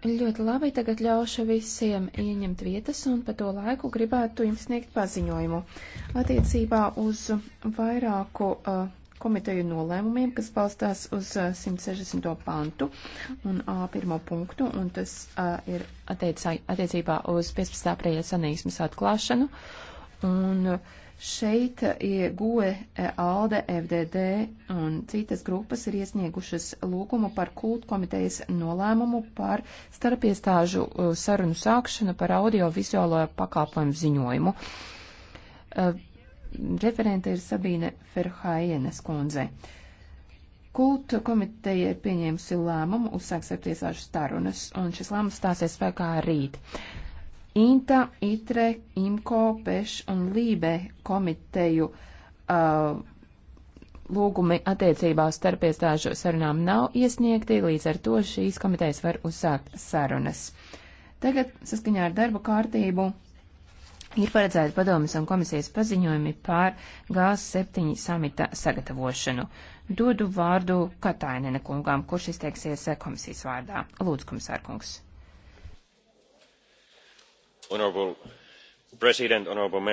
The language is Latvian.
Ļoti labi, tagad ļaušu visiem ieņemt vietas un pa to laiku gribētu jums sniegt paziņojumu attiecībā uz vairāku uh, komiteju nolēmumiem, kas balstās uz uh, 160. pantu un A1 uh, punktu, un tas uh, ir attiecībā uz 15. aprīļa sanīksmes atklāšanu Un uh, šeit uh, GUE, uh, ALDE, FDD un citas grupas ir iesniegušas lūgumu par kultu komitejas nolēmumu par starpiestāžu sarunu sākšanu par audio-vizuālo pakalpojumu ziņojumu. Referente ir Sabīne Ferhaienes kundze. Kultu komiteja ir pieņēmusi lēmumu uzsākt starptiesāšu starunas, un šis lēmums stāsies spēkā rīt. Uh, INTA, ITRE, IMKO, PEŠ un LībE komiteju uh, lūgumi attiecībā uz starpiestāžu sarunām nav iesniegti, līdz ar to šīs komitejas var uzsākt sarunas. Tagad saskaņā ar darba kārtību ir paredzēti padomas un komisijas paziņojumi pār G7 samita sagatavošanu. Dodu vārdu Katainene kungām, kurš izteiksies eh, komisijas vārdā. Lūdzu, komisārkungs mr president honourable members